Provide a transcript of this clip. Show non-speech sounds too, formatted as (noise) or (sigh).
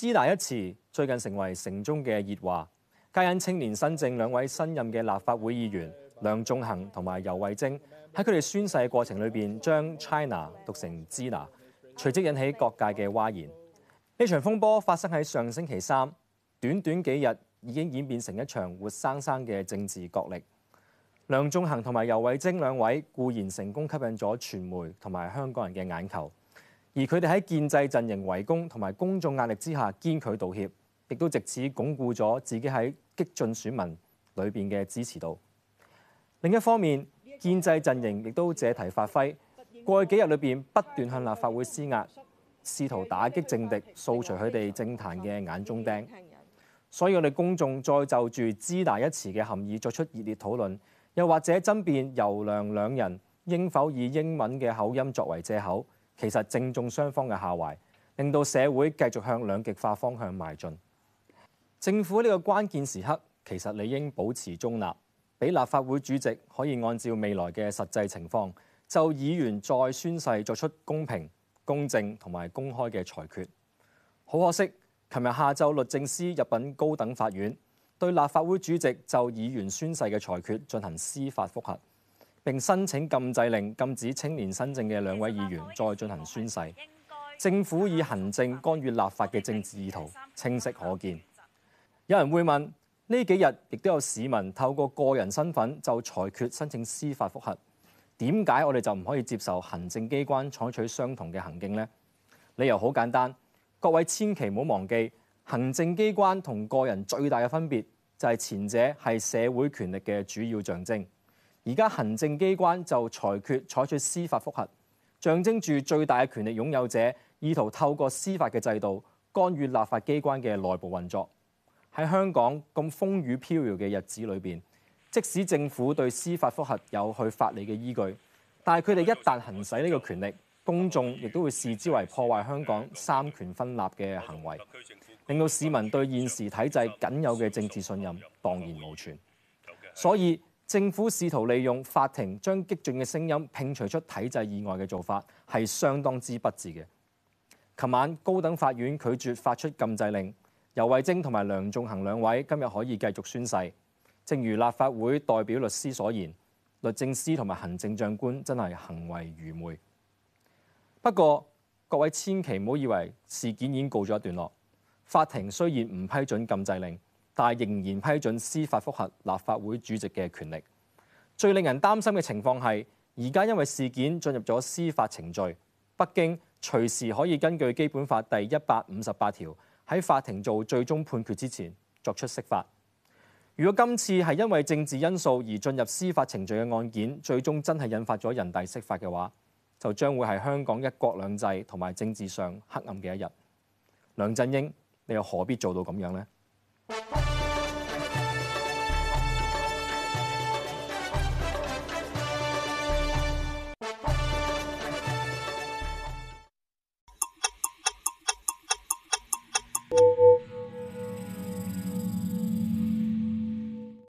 支那一詞最近成為城中嘅熱話，皆因青年新政兩位新任嘅立法會議員梁頌恆同埋游蕙禎喺佢哋宣誓過程裏邊將 China 讀成支那，隨即引起各界嘅譁然。呢場風波發生喺上星期三，短短幾日已經演變成一場活生生嘅政治角力。梁頌恆同埋游蕙禎兩位固然成功吸引咗傳媒同埋香港人嘅眼球。而佢哋喺建制陣營圍攻同埋公眾壓力之下，堅拒道歉，亦都藉此鞏固咗自己喺激進選民裏邊嘅支持度。另一方面，建制陣營亦都借題發揮，過去幾日裏邊不斷向立法會施壓，試圖打擊政敵，掃除佢哋政壇嘅眼中釘。所以我哋公眾再就住“知大一詞”嘅含義作出熱烈討論，又或者爭辯由亮兩人應否以英文嘅口音作為借口。其實正中雙方嘅下懷，令到社會繼續向兩極化方向邁進。政府呢個關鍵時刻，其實理應保持中立，俾立法會主席可以按照未來嘅實際情況，就議員再宣誓作出公平、公正同埋公開嘅裁決。好可惜，琴日下晝律政司入禀高等法院，對立法會主席就議員宣誓嘅裁決進行司法覆核。並申請禁制令，禁止青年新政嘅兩位議員再進行宣誓。政府以行政干預立法嘅政治意圖清晰可見。 (noise) 有人會問：呢幾日亦都有市民透過個人身份就裁決申請司法覆核，點解我哋就唔可以接受行政機關採取相同嘅行徑呢？理由好簡單，各位千祈唔好忘記，行政機關同個人最大嘅分別就係前者係社會權力嘅主要象徵。而家行政機關就裁決採取司法覆核，象徵住最大嘅權力擁有者，意圖透過司法嘅制度干預立法機關嘅內部運作。喺香港咁風雨飄搖嘅日子裏邊，即使政府對司法覆核有去法理嘅依據，但係佢哋一旦行使呢個權力，公眾亦都會視之為破壞香港三權分立嘅行為，令到市民對現時體制僅有嘅政治信任蕩然無存。所以政府試圖利用法庭將激進嘅聲音摒除出體制以外嘅做法，係相當之不智嘅。琴晚高等法院拒絕發出禁制令，游蕙禎同埋梁頌恆兩位今日可以繼續宣誓。正如立法會代表律師所言，律政司同埋行政長官真係行為愚昧。不過各位千祈唔好以為事件已經告咗一段落，法庭雖然唔批准禁制令，但仍然批准司法覆核立法會主席嘅權力。最令人擔心嘅情況係，而家因為事件進入咗司法程序，北京隨時可以根據基本法第一百五十八條喺法庭做最終判決之前作出釋法。如果今次係因為政治因素而進入司法程序嘅案件，最終真係引發咗人大釋法嘅話，就將會係香港一國兩制同埋政治上黑暗嘅一日。梁振英，你又何必做到咁樣呢？